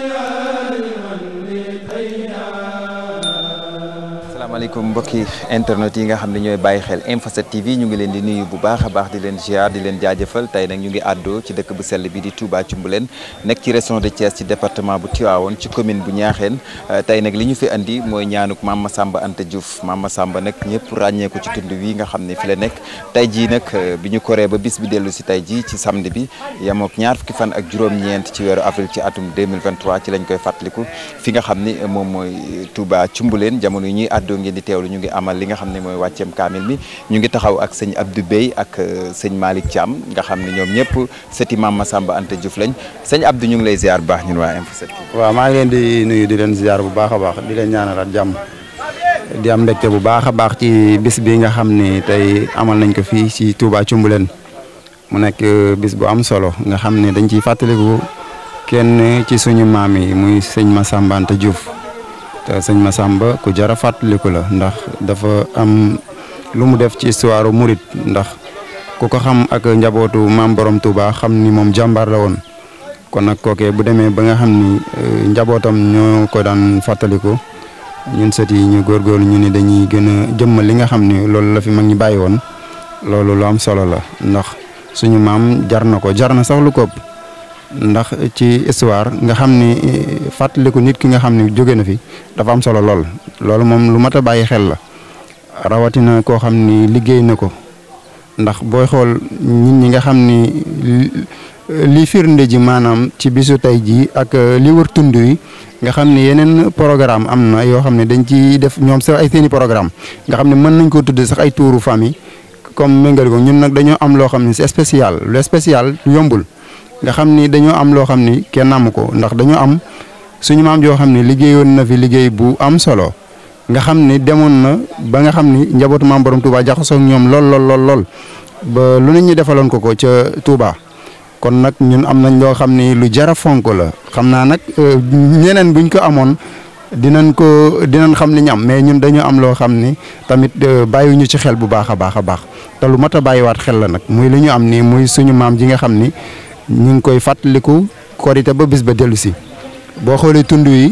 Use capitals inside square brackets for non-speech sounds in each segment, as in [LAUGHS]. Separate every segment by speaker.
Speaker 1: Yeah. asalaamaaleykum mbokki internet yi nga xam ne ñooy bàyyi xel Info 7 TV ñu ngi leen di nuyu bu baax a baax di leen ziar di leen jaajëfal tey nag ñu ngi àddoo ci dëkk bu sell bi di Touba Cumbuleen nekk ci région de Thiès ci département bu Tivaouane ci commune bu Ñaaxeen euh, tey nag li ñu fi andi mooy ñaanuk Mame Massamba Anta Diouf Mame Massamba nag ñëpp ràññee ko ci tund wi nga xam ne fi la nekk tey ji nag euh, bi ñu koree ba bis bi dellu si tey jii ci samedi bi yemook ñaar fukki fan ak juróom-ñeent ci weeru avril ci atum 2023 ci lañ koy fàttaliku fi nga xam ni moom mooy Touba Cumbuleen jamono ngeen di teewlu ñu ngi amal li nga xam ne mooy wàcceem kaamil mi ñu ngi taxaw ak sëñ Abdou Bey ak euh, sëñ Malick Thiam nga xam ne ñoom ñëpp sëti maam Masamba Anta Diouf lañ sëñ Abdou ñu ngi lay ziar bu baax ñun waa Info 7
Speaker 2: maa ngi leen di nuyu di leen ziar bu baax a baax di leen ñaanal ak jàmm di am mbégte bu baax a baax ci bis bi nga xam ne tey amal nañ ko fii ci Touba Cumbuleen mu nekk euh, bis bu am solo nga xam ne dañ ci fàttaliku kenn ci suñu maam yi muy sëñ Masamba Anta Diouf Euh, sëñ Massamba ku jar a fàttaliku la ndax dafa am lu mu def ci histoire murit ndax ku ko xam ak njabootu maam boroom Touba xam ni moom jàmbaar la woon kon nag kookee bu demee ba nga xam ni euh, njabootam ñoo ko daan fàttaliku ñun set yi ñu góorgóorlu ñu ni dañuy gën a jëmmal li nga xam ni loolu la fi mag ñi bàyyi woon loolu lu am solo la ndax suñu maam jar na ko jar na sax lu ko ëpp ndax ci histoire nga xam ni fàttaliku nit ki nga xam ne jóge na fi dafa am solo lool loolu moom lu mat a bàyyi xel la rawatina koo xam ni liggéey na ko ndax booy xool ñi nga xam ni li firnde ji maanaam ci bisu tey jii ak euh, li wër tund yi nga xam ne yeneen programme am na yoo xam ne dañ ci def ñoom sax ay seeni programme nga xam ne mën nañ ko tuddee sax ay tuuru famille comme méngal ko ñun nag dañoo am loo xam ne c'est spécial lu spécial yombul nga xam ni dañoo am loo xam ni kenn amu ko ndax dañoo am suñu maam joo xam ne liggéeyoon na fi liggéey bu am solo nga xam ni demoon na ba nga xam ni njabootu maam borom Touba jaxasoo ñoom lool lool lool lool ba lu ne ñu defaloon ko ko ca Touba. kon nag ñun am nañ loo xam ni lu jara fonk la xam naa nag euh, ñeneen buñ ko amoon dinañ ko dinañ xam ni ñu am mais ñun dañu am loo xam ni tamit euh, bàyyiwuñu ci xel bu baax a baax a baax te lu mat a bàyyiwaat xel la nag muy lu ñu am nii muy suñu maam ji nga xam ni ñu ngi koy fàttaliku korite ba bis ba dellu si. boo xoolee tund yi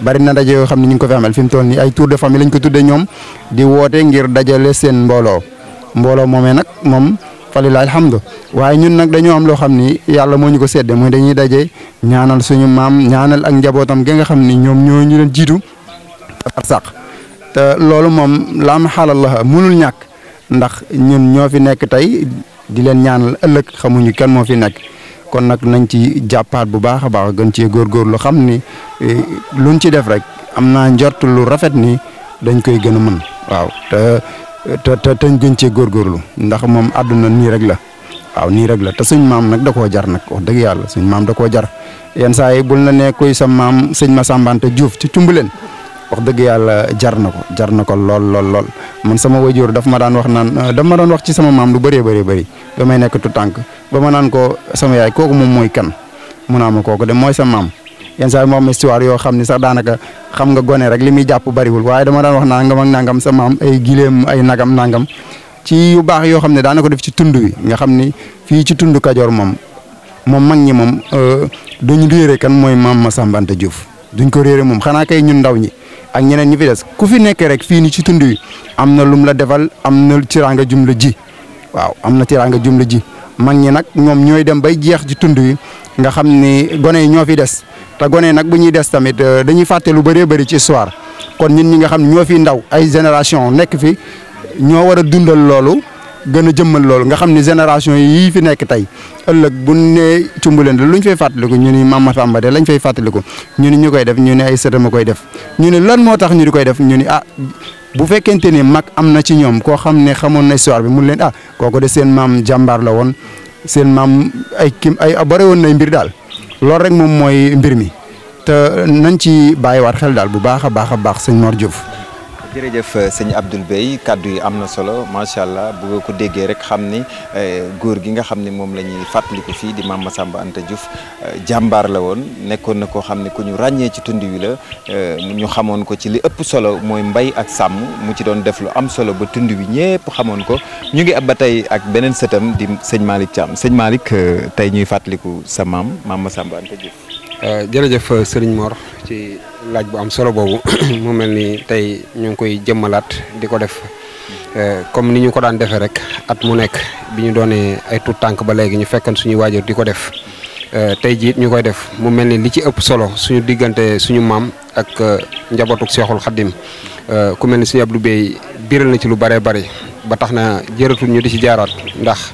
Speaker 2: bari na daje yoo xam ne ñu ngi ko fi amal fi mu toll nii ay tour de famille lañ ko tuddee ñoom di woote ngir dajale seen mbooloo mbooloo moomee nag moom falilaa alhamdu waaye ñun nag dañoo am loo xam ni yàlla moo ñu ko sedde mooy dañuy daje ñaanal suñu maam ñaanal ak njabootam gi nga xam ni ñoom ñoo ñu leen jiitu barsàq te loolu moom laam xaalal la mënul ñàkk ndax ñun ñoo fi nekk tey di leen ñaanal ëllëg xamuñu kenn moo fi nekk kon nag nañ ci jàppaat bu baax a baax gën cee góor góorgóorlu xam ni eh, luñ ci def rek am naa njort lu rafet nii dañ koy gën a mën waaw te te te teñ gën cee góorgóorlu ndax moom àdduna nii rek la waaw nii rek la te suñ maam nag da koo jar nag wax dëgg yàlla suñ maam da koo jar yenn saa yi bul na ne kuy sa maam sëñ ma sàmbante Juuf ci cumbuleen wax dëgg yàlla jar na ko jar na ko lool lool lool man sama waajur dafa ma daan wax naan euh, daf ma doon wax ci sama maam lu bëree bëri bëri ba may nekk tu tànk ba ma naan ko sama yaay kooku moom mooy kan mun a ma kooku de mooy sa maam yenn saa yi moo yoo xam ne sax daanaka xam nga gone rek li muy jàpp bëriwul waaye dama daan wax nangam ak nangam sa maam ay gileem ay nagam nangam ci yu baax yoo xam ne daanaka def ci tund wi nga xam ni fii ci tund Kajoor moom moom mag ñi moom euh, duñ réere kan mooy maam Masamba Anta juuf duñ ko réere moom xanaa kay ñun ndaw ñi ak ñeneen ñi fi des ku fi nekk rek fii ni ci tund yi am na lum la defal am na tiraanga jum la ji waaw am na tiraanga jum la ji mag ñi nag ñoom ñooy dem bay jeex ci tund yi nga xam ni gone yi ñoo fi des te gone yi nag bu ñuy des tamit euh, dañuy fàtte lu bëree bëri ci histoire kon ñun ñi nga xam ñoo fi ndaw ay génération nekk fi ñoo war a dundal loolu gën a jëmmal loolu nga xam ne génération yii fi nekk tey ëllëg bu ne cumbuleen luñ fay fàttaliku ñu ni Mame Matar Amba de lañ fay fàttaliku ñu ni ñu koy def ñu ni ay sëtama koy def ñu ni lan moo tax ñu di koy def ñu ni ah bu fekkente ni mag am na ci ñoom koo xam ne xamoon na histoire bi mun leen ah kooku de seen maam jàmbaar la woon seen maam ay kim ay bare woon nay mbir daal loolu rek moom mooy mbir mi te nañ ci waat xel daal bu baax a baax a baax sëñ Mor Diouf
Speaker 1: jërëjëf euh, sëñ Abdoul Beye kàddu yi am na solo macha allah bu nga ko déggee rek xam ni euh, góor gi nga xam ni moom la ñuy fàttaliku fii di maam Mame Massamba Anta juf euh, jàmbaar la woon nekkoon na koo xam ne ku ñu ràññee ci tund wi la ñu xamoon ko ci li ëpp solo mooy mbay ak sàmm mu ci doon def lu am solo ba tund wi ñëpp xamoon ko ñu ngi ab ba tey ak beneen sëtam di sëñ Malick Thiam
Speaker 3: sëñ Malick tey ñuy fàttaliku sa maam maam Mame Massamba Anta Diouf. jërëjëf sëriñ Mor ci. laaj bu am solo boobu [CLEARS THROAT] mu mel ni tey ñu ngi koy jëmmalaat di ko def euh, comme ni ñu ko daan defee rek at mu nekk bi ñu doonee ay tuut tànk ba léegi ñu fekkoon suñuy waajur di ko def euh, tey jii ñu koy def mu mel ni li ci ëpp solo suñu diggante suñu maam ak euh, njabootuk Seexul Xaddim ku mel ni suñu Abdou Bey biral na ci lu bëree bëri ba tax na jëratul ñu di ci jaaraat ndax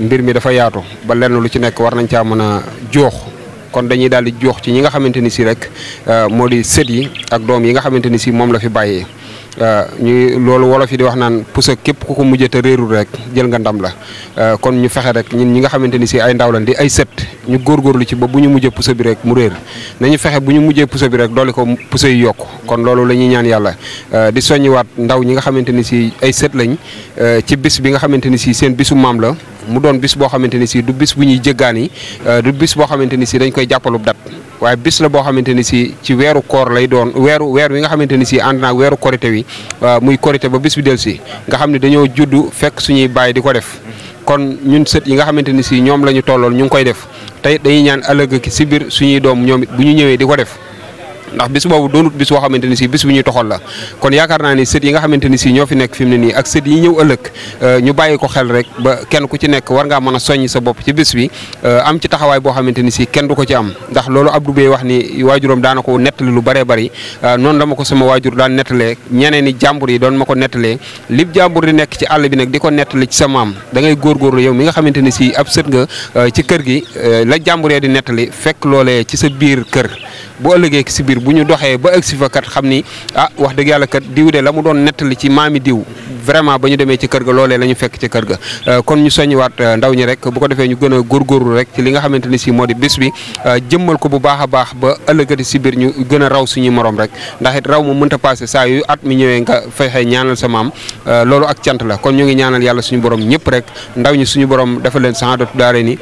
Speaker 3: mbir mi dafa yaatu ba lenn lu ci nekk war nañ caa mën a joox kon dañuy daal di jox ci ñi nga xamante ni si rek euh, moo di sët yi ak doom yi nga xamante ni si moom la fi bàyyee euh, ñu loolu wolof yi di wax naan pusa képp ku ko mujjee te réerul rek jël nga ndam la euh, kon ñu fexe rek ñun ñi nga xamante ni si ay ndaw lañ di ay sët ñu góorgóorlu ci ba bu ñu mujjee pusa bi rek mu réer na ñu fexe bu ñu mujjee pusa bi rek doole ko pusa yi yokku kon loolu lañuy ñaan yàlla di soññiwaat ndaw ñi nga xamante ni si ay sët lañ ci bis bi nga xamante ni si seen bisu maam la mu doon bis boo xamante ni si du bis bu ñuy jéggaani euh, du bis boo xamante ni si dañ koy jàppalub dat waaye bis la boo xamante ni si ci weeru koor lay doon weeru weer wi nga xamante ni si ànd naa weeru korité wi euh, muy korité ba bis bi del si nga xam ne dañoo juddu fekk suñuy bàyyi di ko def kon ñun sët yi nga xamante ni si ñoom la ñu tolloon ñu ngi koy def tey dañuy ñaan ëllëg ki si biir suñuy doom ñoom bu ñu ñëwee di ko def ndax bis boobu doonut bis boo xamante ni si bis bu ñuy toxal la kon yaakaar naa ni sët yi nga xamante ni si ñoo fi nekk fi mu ne nii ak sët yi ñëw ëllëg euh, ñu bàyyi ko xel rek ba kenn ku ci nekk war ngaa mën a soññ sa bopp ci bis bi euh, am ci taxawaay boo xamante ni si kenn du ko ci am ndax loolu Abdou Bey wax ni waajuram daana ko nettali lu bëree bëri euh, noonu la ma ko sama waajur daan nettalee ñeneen i jàmbur yi doon ma ko nettalee lib jàmbur di nekk ci àll bi nag di ko nettali ci sa maam da góorgóorlu yow mi nga xamante ni si ab sët nga ci kër gi la jàmburee di nettali fekk loolee ci sa biir kër bu ëllëgee si biir bu ñu doxee ba agsi fa kat xam ni ah wax dëgg yàlla kat diw de la mu doon nettali ci maami diw vraiment ba ñu demee ci kër ga loolee la ñu fekk ci kër ga euh, kon ñu soññiwaat euh, ndaw ñi rek bu ko defee ñu gën a góorgóorlu rek ci li nga xamante ni si moo di bis bi euh, jëmmal ko bu baax a baax ba ëllëgati si biir ñu gën raw suñu moroom rek ndax raw mu mënta passé saa yu at mi ñëwee nga fexe ñaanal sa maam loolu ak cant la kon ñu ngi ñaanal yàlla suñu borom ñëpp rek ndaw ñi suñu borom dafa leen sandot daare ni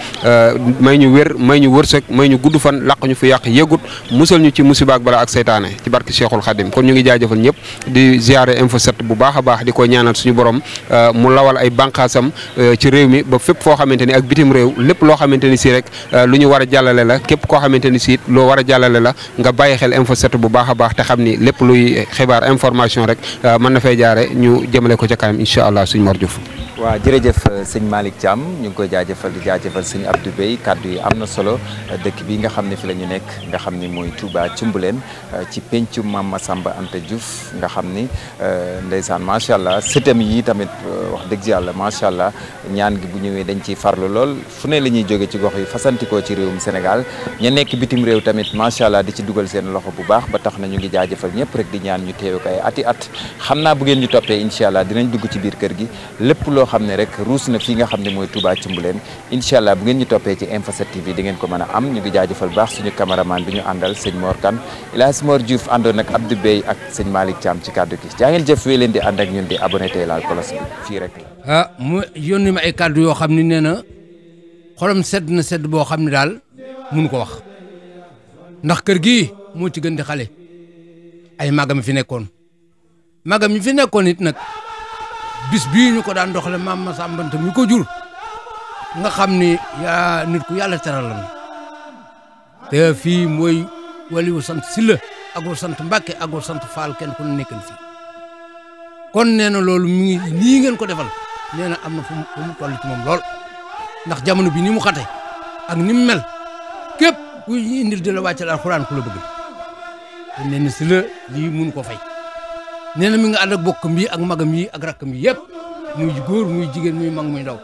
Speaker 3: may ñu wér may ñu wërsëg may ñu gudd fan laq ñu fi yàq yëgut musal ñu ci musiba ak bala ak seytaane ci barki Cheikhul Khadim kon ñu ngi jaajëfal ñëpp di ziare info 7 bu baax a baax di ko ñaanal suñu borom euh, mu lawal ay bànqaasam euh, ci réew mi ba fépp foo xamante ak bitim réew lépp loo xamante ni si rek euh, lu ñu war a jàllale la képp koo xamante ni si loo war a jàllale la nga bàyyi xel info 7 bu baax a baax te xam ni lépp luy xibaar information rek mën na fay jaare ñu jëmale ko ca kanam incha allah suñu Mor Diouf
Speaker 1: waaw jërëjëf sëñ Malick Thiam ñu ngi koy jaajëfal di jaajëfal sëñ Abdou Bey kàddu yi am na solo dëkk bi nga xam ne fi la ñu nekk nga Touba Cumbuleen euh, ci pencu Maam Masamba Anta Diouf nga xam ni euh, ndeysaan macha allah sëtam yi tamit euh, wax dëgg yàlla macha allah ñaan gi bu ñëwee dañ ci farlu lool fu ne la ñuy jóge ci gox yi fasantikoo ci réewum Sénégal ña nekk bitim réew tamit macha allah di ci dugal seen loxo bu baax ba tax na ñu ngi jaajëfal ñëpp rek di ñaan ñu teewe ko ay ati at xam naa bu ngeen ñu toppee incha allah dinañ dugg ci biir kër gi lépp loo xam ne rek ruus na fii nga xam ne mooy Touba Cumbuleen incha allah bu ngeen ñu toppee ci Info 7 TV ko mën am ñu ngi jaajëfal baax suñu cameraman bi ñu àndal sëñ Mor Kane El Hadj Mor Diouf àndoon ak Abdou Bey ak sëñ Malick Thiam ci kàddu gi jaa ngeen jëf wéy leen di ànd ak ñun di abonné tey laal kolos bi fii rek la.
Speaker 4: ah mu yónni ma ay kàddu yoo xam ne nee na xolam sedd na sedd boo xam ne daal mun ko wax ndax kër gi moo ci gën di xale ay magam fi nekkoon magam yi fi nekkoon it nag bis bi ñu ko daan le maam Masamba Anta mi ko jur nga xam ni yaa nit ku yàlla teraloon te fii mooy wala wu sant Sylla ak wu sant Mbacke ak wu sant Fall kenn ku ne nekkan fii kon nee na loolu mu ngi nii ngeen ko defal nee na am na fu mu fu mu toll moom lool ndax jamono bi ni mu xate ak ni mu mel képp ku ñu indil di la wàccal alxuraan ku la bëgg te nee na mun ko fay nee na mi nga ànd ak bokkam yi ak magam yi ak rakkam yi yëpp muy góor muy jigéen muy mag muy ndaw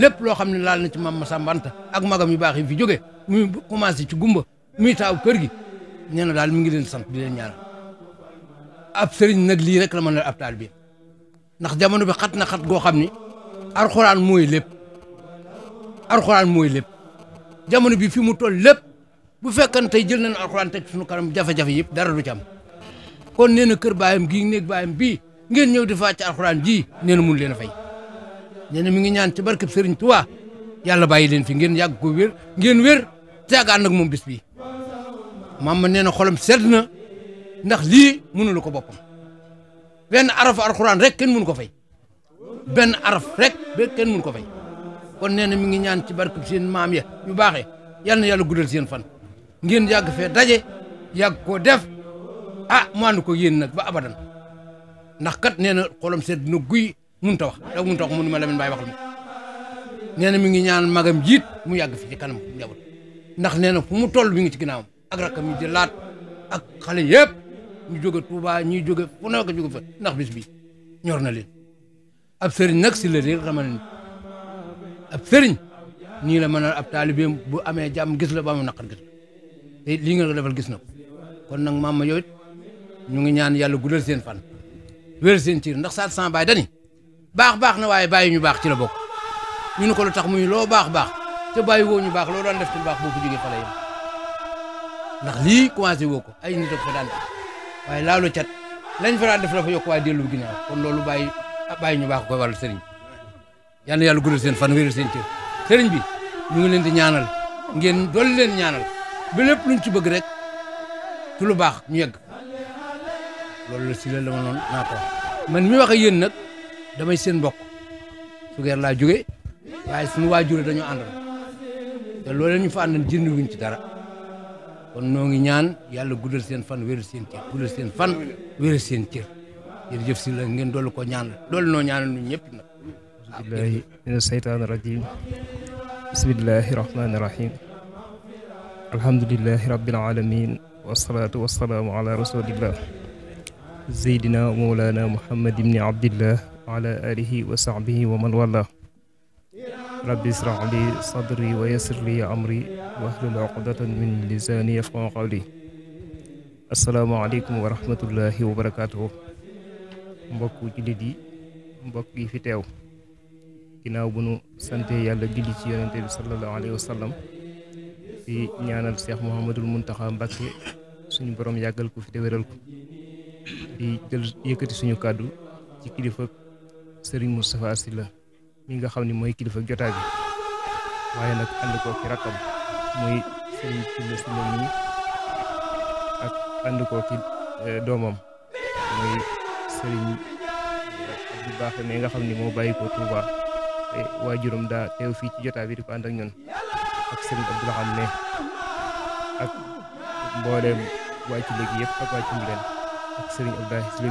Speaker 4: lépp loo xam ne laal na ci maam Masamba Anta ak magam yu baax yi fi jóge muy commencé ci gumba muy kër gi nee daal mi ngi leen sant di leen ñaanal ab sëriñ nag lii rek la mën ab taal bi ndax jamono bi xat na xat goo xam ni arxuraan mooy lépp arxuraan mooy lépp jamono bi fi mu toll lépp bu fekkee tey jël nañ arxuraan teg suñu kanam jafe-jafe yëpp dara du ci am kon nee na kër baayam gii néeg baayam bi ngeen ñëw di fàcc arxuraan ji nee na leen a fay nee na mi ngi ñaan ci barkeb sëriñ Tuubaa yàlla bàyyi leen fi ngeen yàgg ko wér ngeen wér te ànd moom bis bi maam nee na xolam sedd na ndax lii mënulu ko boppam benn araf alxuraan rek kenn mënu ko fay benn araf rek kenn mënu ko fay kon nee na mi ngi ñaan ci barke seen maam ya yu baaxee yal na yàlla guddal seen fan ngeen yàgg fee daje yàgg koo def ah maanu ko yéen nag ba abadan ndax kat nee na xolam sedd na guy mënut a wax daw mënut a wax mënu ma Lamine Baye waxal ma nee mi ngi ñaan magam jiit mu yàgg fi ci kanam njaboot ndax nee na fu mu toll mi ngi ci ginnaawam ak rakam yi di laat ak xale yëpp ñu jóge Touba ñuy jóge fu nekk jóge fa ndax bis bi ñor na leen ab sëriñ nag si la dee xamal ni ab sëriñ nii la mën a ab taalibeem bu amee jàmm gis la ba mu naqar gis te lii nga ko defal gis na ko kon nag maam ma yooyu ñu ngi ñaan yàlla guddal seen fan wér seen tiir ndax saat san baay dani baax baax na waaye bàyyi ñu baax ci la bokk ñu ne ko lu tax muy loo baax baax te bàyyi woo ñu baax loo doon def ci baax boo ko jógee fa la yem ndax lii commencé woo ko ay nit ak fa daan waaye laalu cat lañ fa daan def la fa yokk waa dellu ginnaaw kon loolu bàyyi bàyyi ñu baax ko wàllu sëriñ bi yal na yàlla guddal seen fan wéeru seen cër sëriñ bi ñu ngi leen di ñaanal ngeen dool leen ñaanal ba lépp luñ ci bëgg rek ci lu baax ñu yegg loolu la si la dama noonu naa ko man mi wax ak yéen nag damay seen mbokk su geer laa jóge waaye suñu waajure dañoo àndal te loolu ñu fa àndal jënd wuñ ci dara kon noo ngi ñaan yàlla guddal seen fan wéral seen cër guddal seen fan wéral seen cër jërëjëf si la ngeen dolli ko ñaan dolli noo ñaanal ñun ñëpp nag
Speaker 5: billahi min seytaani rajim bismillahi rahmaani rahim alhamdulilahi rabbil alamin wasalaatu wasalaamu ala rasulillah zeydina mawlana muhammad ibni abdillah wa ala alihi wa sahbihi wa man wala rabbi israh li sadri wa yassir li amri wahlul uqdatan min lisani yafqahu qawli asalaamaaleykum wa rahmatullahi wa mbokku jullit yi mbokk fi teew ginnaaw bu nu sante yàlla julli ci yonente bi sallallahu alayhi wa sallam ñaanal Cheikh Mouhamadul Muntaxa Mbàkke suñu borom yàggal ko fi te di yëkkati suñu kàddu ci kilifa Serigne Moustapha Sylla mi nga xam ne mooy kilifa jotaay bi waaye nag ànd koo ki rakkam muy sëriñ Sylla Sylla mi ak ànd koo ki eh, doomam muy sëriñ eh, Abdou Baaxe mi nga xam ne moo bàyyi ko Touba te waajuram daa teew fii ci jotaay bi di ko ànd ak ne ak mbooleem waa ci léegi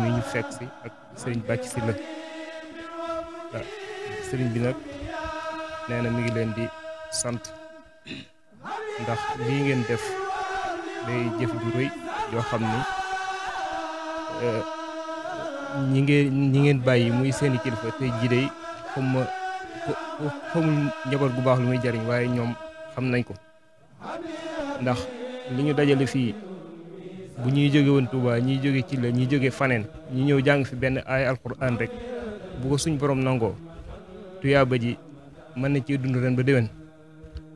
Speaker 5: ñu fekk si ak sëriñ Bàcc Sylla waaw sëriñ bi nag nee na mi ngi leen di sant ndax lii ngeen def day jëf ju rëy xam ni eh, ñi ngeen ñi ngeen bàyyi muy seeni kilifa tey jii day xam ma gu baax lu muy jariñ waaye ñoom xam nañ ko ndax li ñu dajale fii bu ñuy jóge woon Touba ñuy jóge ci la ñuy jóge faneen ñu ñëw jàng fi benn ay alquran rek bu suñ borom nangoo tuyaaba ji mën na cee dund ren ba déwén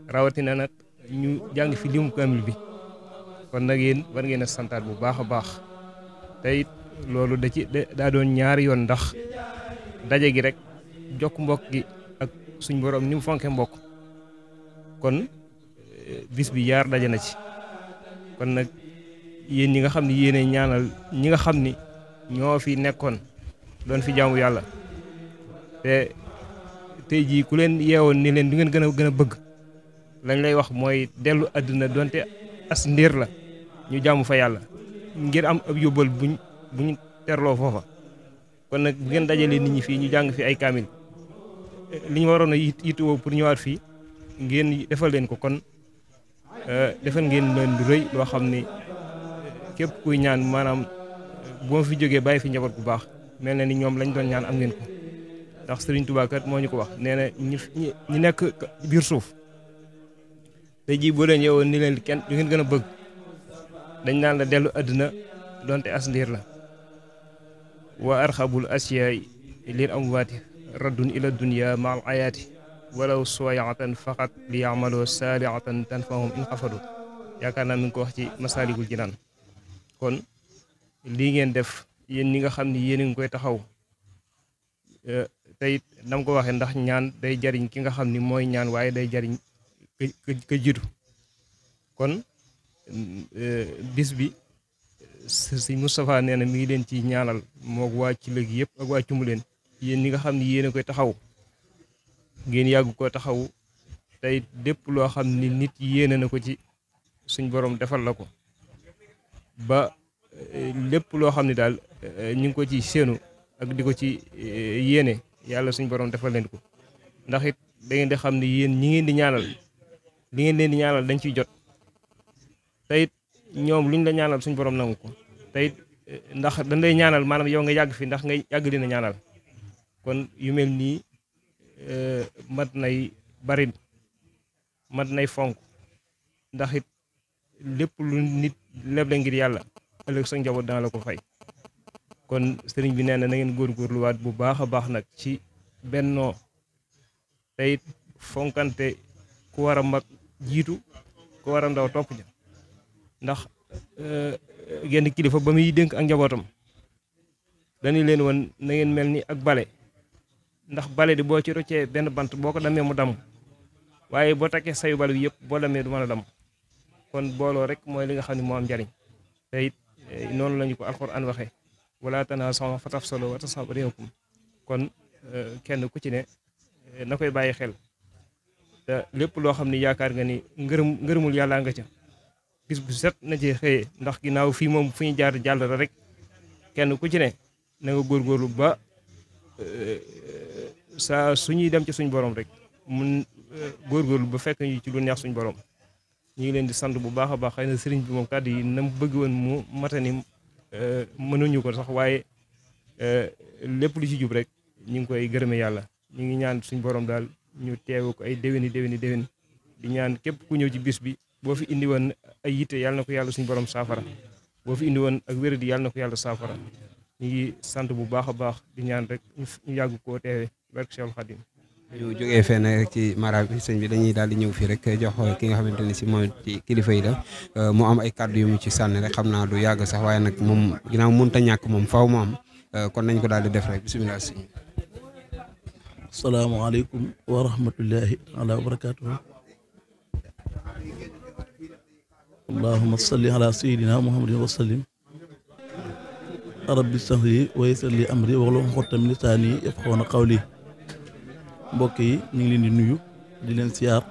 Speaker 5: rawatina nag ñu jàng fi limu kaamil bi kon nag yéen war ngeen a santaat bu baax a baax it loolu da ci daa doon ñaari yoon ndax daje gi rek jokk mbokk gi ak suñ borom ni mu fonke mbokk kon eh, bis bi yaar daje na ci kon nag yéen ñi nga xam ne yéenay ñaanal ñi nga xam ni ñoo fi nekkoon doon fi jaamu yàlla te tey jii ku leen yeewoon ni leen du ngeen gën a gën a bëgg lañ lay wax mooy dellu àdduna donte as ndiir la ñu jaamu fa yàlla ngir am ab yóbbal buñ buñ terloo foofa kon nag bu ngeen dajalee nit ñi fii ñu jàng fi ay kaamil li ñu waroon a yittewoo pour ñëwaat fii ngeen defal leen ko kon euh, defal ngeen leen lu rëy loo xam ni képp kuy ñaan maanaam bu fi jógee bàyyi fi njaboot bu baax mel na ni ñoom lañ doon ñaan am ngeen ko ndax Serigne Touba moo ñu ko wax nee na ñu ñu nekk biir suuf te ji boo leen yeewoon ni leen kenn du ngeen gën a bëgg dañ naan la dellu àddina donte as la wa arxabul asiyaay lil amwaati raddun ila dunya maal ayaati walaw soyaatan faqat li yamaloo saaliatan tanfahum in xafadu yaakaar naa mi ngi ko ci masaalikul jinaan kon ngeen def yéen ñi nga xam ne yéen ngi koy taxaw eh, tey nam ko waxee ndax ñaan day jariñ ki nga xam ni mooy ñaan waaye day jariñ ka ka jiitu kon eh, bis bi eh, sëñ Moustapha nee na mi ngi leen ci ñaanal moog waa ci léegi yëpp ak waa Cumbuleen yéen ñi nga xam ni yéen a koy taxaw ngeen yàgg ko taxaw tey lépp loo xam ni nit yéene na ko ci suñ boroom defal la ko ba eh, lépp loo xam ni daal ñu ngi ko ci séenu ak di ko ci yéene yàlla suñ borom defal leen ko ndax it da ngeen di xam ni yéen ñi ngeen di ñaanal li ngeen leen di ñaanal dañ ciy jot te it ñoom luñ la ñaanal suñ borom nangu ko te eh, ndax dañ lay ñaanal maanaam yow nga yàgg fi ndax nga yàgg leen a ñaanal kon yu mel nii eh, mat nay bari mat nay fonk ndax it lépp lu nit leble ngir yàlla ëllëg sa njaboot dana la ko fay kon sëriñ bi nee na na góor góorgóorluwaat bu baax a baax nag ci bennoo tey fonkante ku war a mag jiitu ku war a ndaw topp ja ndax eh, genn kilifa ba muy dénk ak njabootam dañu leen woon na ngeen mel ni ak bale ndax bale di boo ci roccee benn bant boo ko damee mu damm waaye boo takee sayu bal bi yëpp boo damee du mën a damm kon booloo rek mooy li nga xam ne moo am njariñ te it eh, noonu lañu ko alxuraan waxee wala tanaasaw fa tafsalu wa tasaba réekum kon eh, kenn ku ci ne eh, na koy bàyyi xel te lépp loo xam ni yaakaar nga ni ngërëm ngërëmul yàlla nga ca bis bu set na ci xëye ndax ginnaaw fii moom fu ñu jaar jàll rek kenn ku ci ne na nga góorgóorlu ba eh, sa suñuy dem ci suñ borom rek mun góorgóorlu ba fekk ñu ci lu suñ borom ñu sant bu baax a baax xëy na sëriñ bi moom kàddu na mu mu matani Euh, mënuñu ko sax waaye euh, lépp lu ci jub rek ñu ngi koy gërëme yàlla ñu ngi ñaan suñu borom daal ñu teewu ko ay déwéni déwéni déwéni di ñaan képp ku ñëw ci bis bi boo fi indi woon ay yitte yàlla na ko yàlla suñu borom saafara boo fi indi woon ak wéradi yàlla na ko yàlla saafara ñu ngi sant bu baax a baax di ñaan rek ñu yàgg koo teewe barke Seexul Xadim ñu jógee
Speaker 3: fenn rek ci mara bi sëñ bi dañuy daal di ñëw fii rek jox ki nga xamante ne si moom ci kilifa yi la euh, mu am ay kàddu yu mu ci sànni rek xam naa du yàgg sax waaye nag moom ginnaaw mënta ñàkk moom faw mu am euh, kon nañ ko daal di def rek bisimilah sëñ bi.
Speaker 6: salaamaaleykum wa rahmatullahi taala wa barakaatuhu. allahumma salli ala sayyidina muhammadin qawli. mbokk yi ñu ngi leen di nuyu di leen siyaar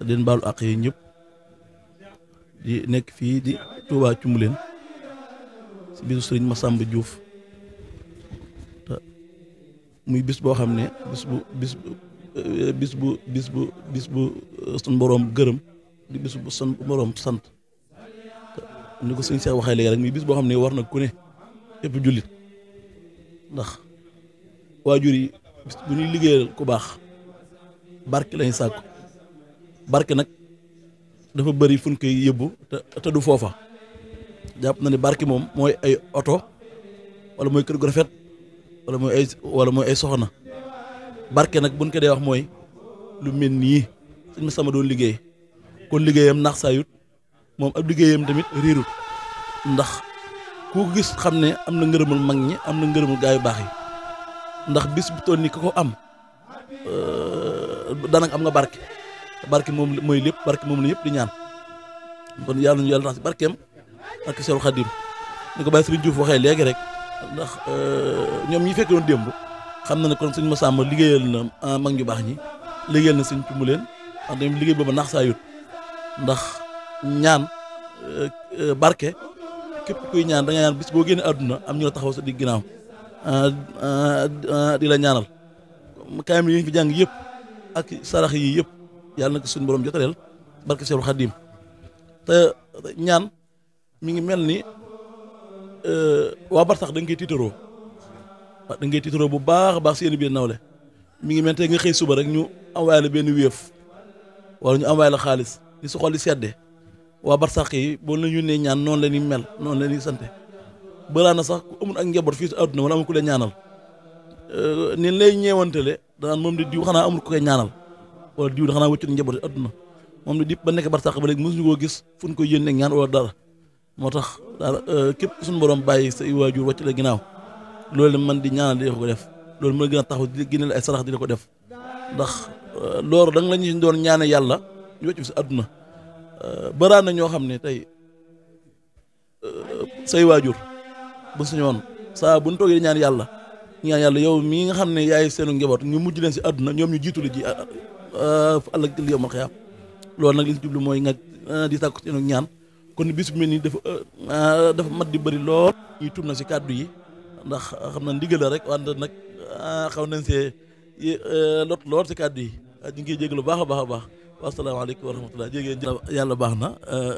Speaker 6: di leen baalu àq yi ñëpp di nekk fii di Touba Cumbuleen si bisu sëriñ Massamba Diouf te muy bis boo xam ne bis bu bis bu euh, bis bu bis bu bis euh, boroom gërëm di bis bu sun boroom sant ni ko sëñ Cheikh waxee léegi rek muy bis boo xam ne war na ku ne yëpp jullit ndax waajur yi bu ñuy liggéeyal ku baax barke lañu sàkku barke nag dafa bëri fu ñu koy yëbbu te du foofa jàpp na ne barke moom mooy ay oto walla mooy kër gu rafet wala mooy ay wala mooy ay soxna barke nag buñ ko dee wax mooy lu mel nii suñ sama doon liggéey kon liggéeyam naax saayut moom ab liggéeyam tamit riirut ndax ku gis xam ne am na ngërëmul mag ñi am na ngërëmul gaa yu baax yi ndax bis bu toll ni ku ko am euh, daanaka am nga barke barke moom mooy lépp barke moom la ñëpp di ñaan kon yàlla ñu yàlla tax si barkeem ak Seexul Xadim ñu ko bàyyi Serigne Diouf waxee léegi rek ndax euh, ñoom ñi fekkoon démb xam na ne kon suñ Masamba liggéeyal na ah, mag ñu baax ñi liggéeyal na suñ cumbu leen wax liggéey boobu naax saa yut ndax ñaan euh, barke képp kuy ñaan da nga ñaan bis boo génnee àdduna am ñoo taxaw sa digg ginnaaw. Ah, ah, di la ñaanal kaayam yi fi jàng yëpp ak sarax yi yëpp yàlla ki ko suñu borom jotaleel barke Seexul Xadiim te ñaan mi ngi mel ni eh, waa barsax da nga koy tiitaroo waaw da nga koy tiitaroo bu baax a baax seen biir nawle mi ngi mel te nga xëy suba rek ñu envoyé la benn wéef wala ñu envoyé la xaalis li su xol li sedde waa barsax yi boo la ñu ne ñaan noonu la ñuy mel noonu la ñuy sante balaa na sax ku amul ak njaboot fii si àdduna wala amul ku leen ñaanal euh, ni lay ñeewantele danaan moom di diw xanaa amul ku koy ñaanal wala diw xanaa wëccu na njaboot si àdduna moom di ba nekk barsàq ba léegi mësuñu koo gis fu ñu ko yónnee ñaan wala moo tax euh, képp suñu borom bàyyi say waajur wàcc la ginnaaw loolu man di ñaanal di ko def loolu mën gën a taxaw di génne la ay ko def ndax euh, loolu da la ñu doon ñaane yàlla ñu si adduna baraan na ñoo xam ne tey say waajur bu suñu woon saa bu ñu toogee di ñaan yàlla ñaan yàlla yow mii nga xam ne yaay seenu njaboot ñu mujj leen si àdduna ñoom ñu jiitu la ji àll ak yow ma xëy loolu nag li ñu jublu mooy nga ah, di sàkku seenu ñaan kon bis bu mel nii dafa ah, dafa mat di bëri lool. ñuy na si kàddu yi ndax xam na ndigal la rek wante nag ah, xaw nañ see eh, lot lool si kàddu yi ñu ngi jégg lu baax a baax a baax wasalaamaaleykum wa rahmatulah jégeen yàlla baax na eh,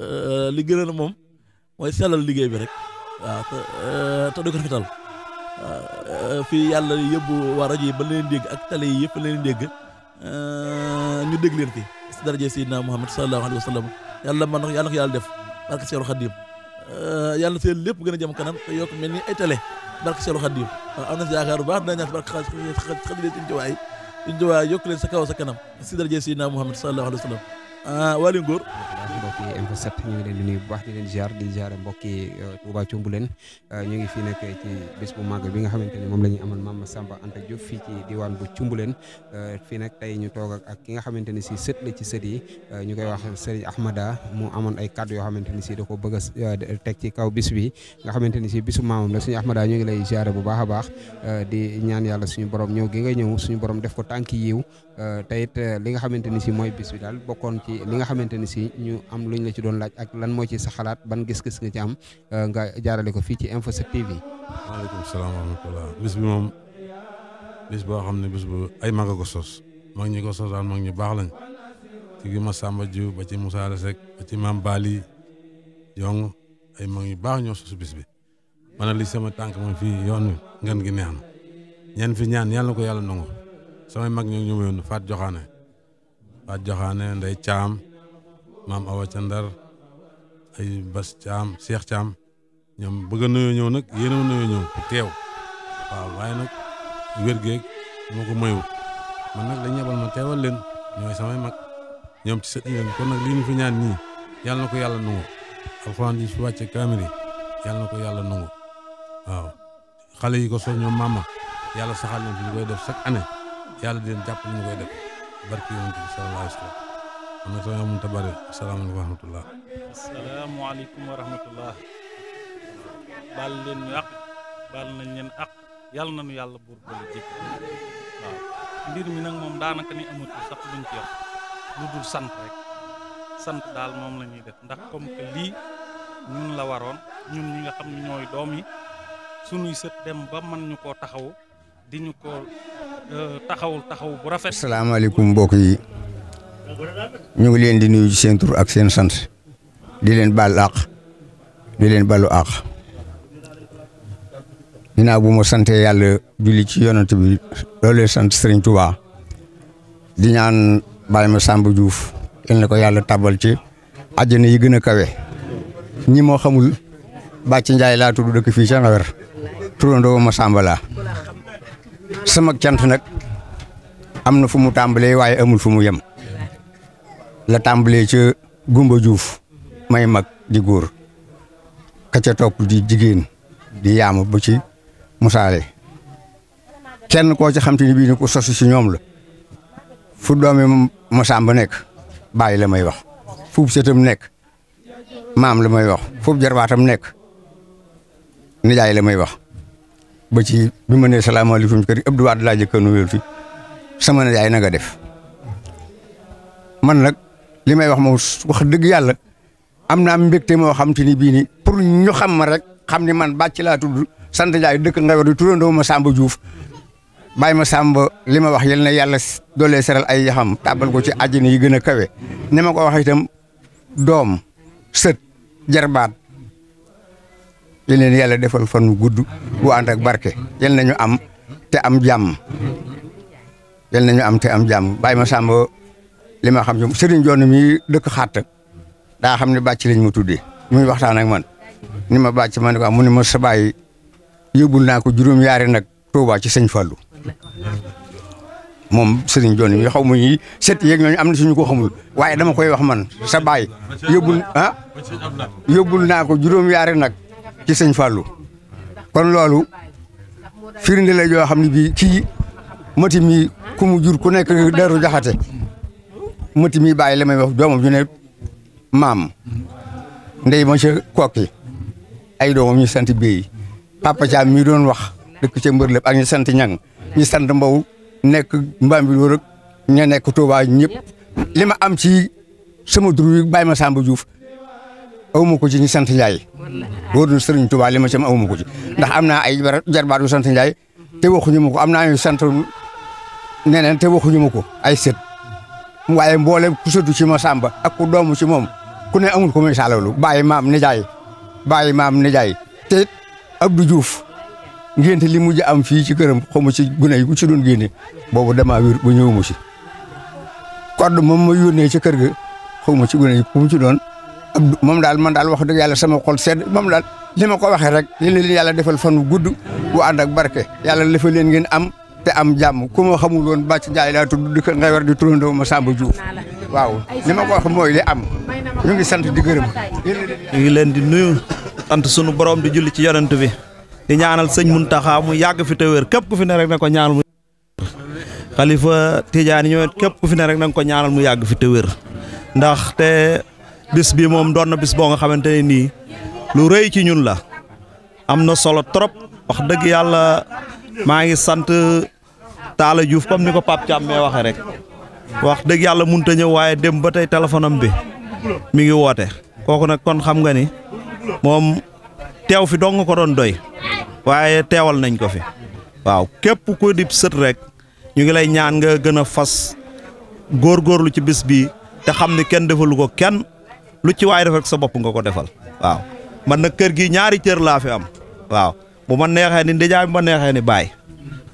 Speaker 6: eh, li gën moom mooy sellal liggéey bi rek. waaw te du ko rafetal fii yàlla yóbbu waa rajo yi ba leen dégg ak télé yi yëpp leen dégg ñu dégg leen fi si daraje Seydina Muhammad sallallahu alayhi wa sallam yàlla man na yàlla ko yàlla def barke Seexul Xadiim yàlla seen lépp gën a jëm kanam te yokk mel ni ay télé barke Seexul Xadiim am na si yaakaar bu baax dina ñaan barke xaj xaj xaj leen ci njawaay njawaay yokk leen sa kaw sa kanam si daraje Seydina Muhammad sallallahu alayhi wa Ah, Waly Ngor
Speaker 3: mbokki Info7 ñu ngi leen di nuyu bu baax di leen ziar di ziar mbokki euh, Touba Cumbuleen euh, ñu ngi fi nag ci bés bu màgg bi nga xamante ni moom la ñuy amal Mame Samba Anta Diop fii ci diwaan bu Cumbuleen euh, fi nag tey ñu toog ak ki nga xamante ni si sët la ci sët yi ñu koy wax Serigne Ahmada mu amoon ay kàddu yoo xamante ni si da ko bëgg teg ci kaw bis bi nga xamante ni si bisu maamam la suñu Ahmada ñu ngi lay ziar bu baax a baax di ñaan yàlla suñu borom ñëw gi nga ñëw suñu borom def ko tànk yiw Euh, te it euh, li nga xamante ni si mooy bis bi daal bokkoon ci li nga xamante ni si ñu am luñ la ci doon laaj ak lan moo ci sa xalaat ban gis-gis
Speaker 7: nga ci am euh, nga jaarale ko fii ci Info 7 TV. waaleykum salaam boo xam ne bis bu ay mag a ko sos mag ñi ñu baax lañ ci gi ma Samba ba ci Moussa Rasek ba ci Mame Bali Yong ay mag ñu baax ñoo sos bis bi man li sama tànk mooy fii yoon wi ngan gi neex na ñaan fi ñaan yàlla na ko yàlla nangu. samay mag ñoo ñu ma yónni Faat Joxaane Faat Joxaane Ndey Caam maam Awa Ndar ay Bas Caam Seex Caam ñoom bëgga nañoo ñëw nag yéen a teew waaw waaye nag wér-geeg moo ko mayut man nag dañ yebal ma teewal leen ñooy samay mag ñoom ci sët leen kon nag lii ñu fi ñaan ñii yàlla na ko yàlla nangu alxuraan yi fi wàcce kaamil yi yàlla na ko yàlla nangu waaw xale yi ko sol ñoom maama yàlla saxal leen fi ñu koy def chaque année yàlla di jàpp jàppale ñu koy def barki yonent bi sallallahu alayhi wa sallam am na tamit mënut a bëri asalaamaaleykum wa rahmatulah.
Speaker 8: asalaamaaleykum wa rahmatulah. baal leen ñu àq baal nañ leen àq yàlla nañu yàlla buur ba la mbir mi nag moom daanaka ni amatul sax luñ ci lu dul sant rek sant daal moom la ñuy def ndax comme que lii ñun la waroon ñun ñi nga xam ne ñooy doom yi sunuy sët dem ba mën ñu koo taxaw di ñu ko taxawul taxaw bu rafet.
Speaker 9: salaamaaleykum mbokk yi ñu ngi leen di nuyu seen tur ak seen sant di leen baal àq di leen balu àq ginnaaw bu ma sante yàlla julli ci yonent bi loolee sant Serigne Touba di ñaan Baye Massamba juuf yal na ko yàlla tabal ci àjjana yi gën a kawe ñi moo xamul ci Njaay laa tudd dëkk fii ca Ndewer turandoo Massamba laa sama cant nag am na fu mu tàmbalee waaye amul fu mu yem la tàmbalee ca Gumba Juuf may mag di góor ka ca topp di jigéen di yaama ba ci musaale kenn koo ci xam te ni sosu si ñoom la fu doomi Masamba nekk bàyyi la may wax fuub sëtam nekk maam la may wax fuub jarwaatam nekk nijaay la may wax ba ci bi ma nee salaamaaleykum kër Abdou Wade laa jëkk nu nuyoo fi sama na yaay na nga def man nag li may wax ma wax dëgg yàlla am naa mbégte moo xam te ni bii nii pour ñu xam ma rek xam ni man bàcci laa tudd sant jaay dëkk nga di turandoo ma Samba juuf bàyyi ma Samba li ma wax yal na yàlla doolee seral ay yaxam tàbbal ko ci àjjana yi gën a kawe ni ma ko wax tam doom sët jarbaat yal leen yàlla defal fan wu gudd bu ànd ak barke yal nañu am te am jàmm yal nañu am te am jàmm bàyyi ma sàmba li ma xam sëriñ joon mi dëkk xàtt daa xam ne bàcc lañ ma tuddee muy waxtaan ak man ni ma bàcc ma ne ko ah, mu ne ma sa bàyyi yóbbul naa ko juróom-yaari nag Tuuba ci sëñ Fallou moom sëriñ joon yi xaw ma ñii set yeeg ñooñu am na suñu ko xamul waaye dama koy wax man sa bàyyi yóbbul ah naa ko juróom-yaari nag ci sëñ Fallou kon loolu firnde la yoo xam ne bii kii mati mi ku mu ku nekk deru jaxate mati mi bàyyi la may wax doomam ñu ne maam ndey monsieur Koki ay doomam ñu sant Béy papa Thiam mi doon wax dëkk ca mbër lépp ak ñu sant ñang ñu sant mbaw nekk Mbambilor ak ña nekk Touba ñëpp li ma am ci sama tur bi Baye Massamba juuf awma ko ci ñu sant Njaay wóor na Sëriñ Tuubaa li ma ci am ko ci ndax am naa ay jarbaat yu sant Njaay te waxuñu ma ko am naa ñu sant neneen te waxuñu ma ko ay sët waaye mboole ku sëtu ci ma sàmba ak ku doomu ci moom ku ne amul ko muy saalawlu bàyyi maam nijaay bàyyi maam nijaay te Abdou Diouf ngénte li mujj am fii ci këram xamu ci gune yi ku ci doon génne boobu damaa wér ba ñëwuma ci kodd moom ma yónnee ci kër ga xamu ci gune yi ku mu ci doon moom daal man daal wax dëgg yàlla sama xol sedd moom daal li ma ko waxee rek li leen yàlla defal fan wu gudd bu ànd ak barke yàlla defal leen ngeen am te am jàmm ku ma xamul woon bàcc jaay laa tudd di ko ngay war di turandoo ma Samba Diouf
Speaker 10: waaw li ma ko wax mooy li am ñu ngi sant di gërëm. ñu ngi leen di nuyu sant sunu borom di julli ci yonent bi di ñaanal mun Muntaxa mu yàgg fi te wér képp ku fi ne rek na ko ñaanal mu. xalifa Tidiane ñëw képp ku fi ne rek na ko ñaanal mu yàgg fi te wér ndax te bis bii moom doon na bis boo nga xamante ne nii lu rëy ci ñun la am na solo trop wax dëgg yàlla maa ngi sant Talla Diouf comme ni ko Pape Thiam mee waxee rek wax dëgg yàlla mënut a ñëw waaye dem ba tey téléphone am bi mi ngi woote kooku nag kon xam nga ni moom teew fi dong ko doon doy waaye teewal nañ ko fi waaw képp ku di sët rek ñu ngi lay ñaan nga gën a fas góorlu ci bis bi te xam ni kenn defalu ko kenn. lu ci waay def rek sa boppu nga ko defal waaw man na kër gi ñaari cër laa fi am waaw bu ma neexee ni ndeyjaay bu ma neexee ni baay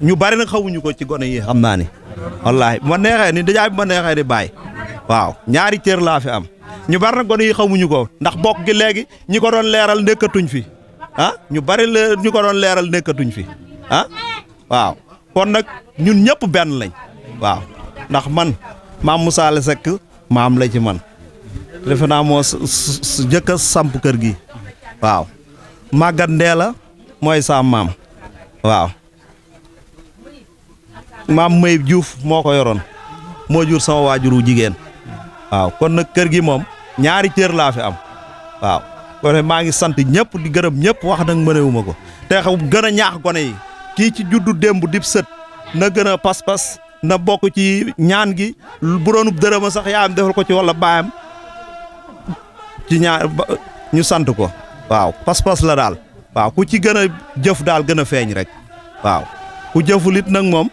Speaker 10: ñu bari nag xawuñu ko ci gone yi xam naa ni wallaahi ma neexee ni ndeyjaay bu neexee ni baay waaw ñaari cër laa fi am ñu bari nag gone yi xamuñu ko ndax bokk gi léegi ñu ko doon leeral nekkatuñ fi ah? ñu bari le ñu ko doon leeral nekkatuñ fi ah waaw kon nag ñun ñëpp benn lañ waaw ndax man maam Moussa Seck maam la ci man defe naa moo njëkk samp kër gi waaw màggat ndee la mooy sa maam waaw maam may Diouf moo ko yoroon moo jur sama waajuru jigéen waaw kon nag kër gi moom ñaari cër laa fi am waaw kon maa ngi sant ñëpp di gërëm ñëpp wax nag mënewuma ko te xaw gën a ñaax gone yi kii ci juddu démb dib sët na gën a pas-pas na bokk ci ñaan gi bu doonub dërëma sax yaayam defal ko ci walla baayam ci ñaar ba ñu sant ko waaw pas-pas la daal waaw ku ci gën a jëf daal gën a feeñ rek waaw ku jëful it nag moom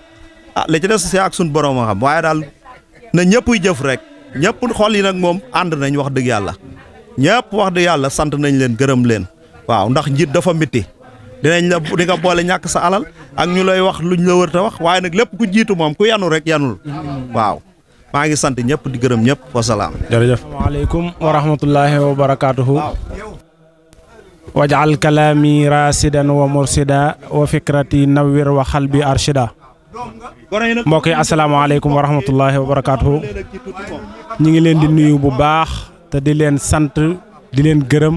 Speaker 10: ah li ci des si ak suñu borom a xam waaye daal na ñëppuy jëf rek ñëpp xol yi nag moom ànd nañu wax dëgg yàlla ñëpp wax dëgg yàlla sant nañ leen gërëm leen waaw ndax njiit dafa mitti dinañ la di nga boole ñàkk sa alal ak ñu lay wax lu ñu la wër wax waaye nag lépp ku njiitu moom ku yanu rek yanul waaw maa ngi sant ñëpp di gërëm ñëpp wa salaam. jërëjëf
Speaker 8: waaleykum wa rahmatullahi wa barakaatuhu. wajaal kalaami raasidan wa mursida wa fikrati nawwir wa xalbi arshida mbokk yi asalaamaaleykum wa rahmatullahi wa ñi ngi leen di nuyu bu baax te di leen sant di leen gërëm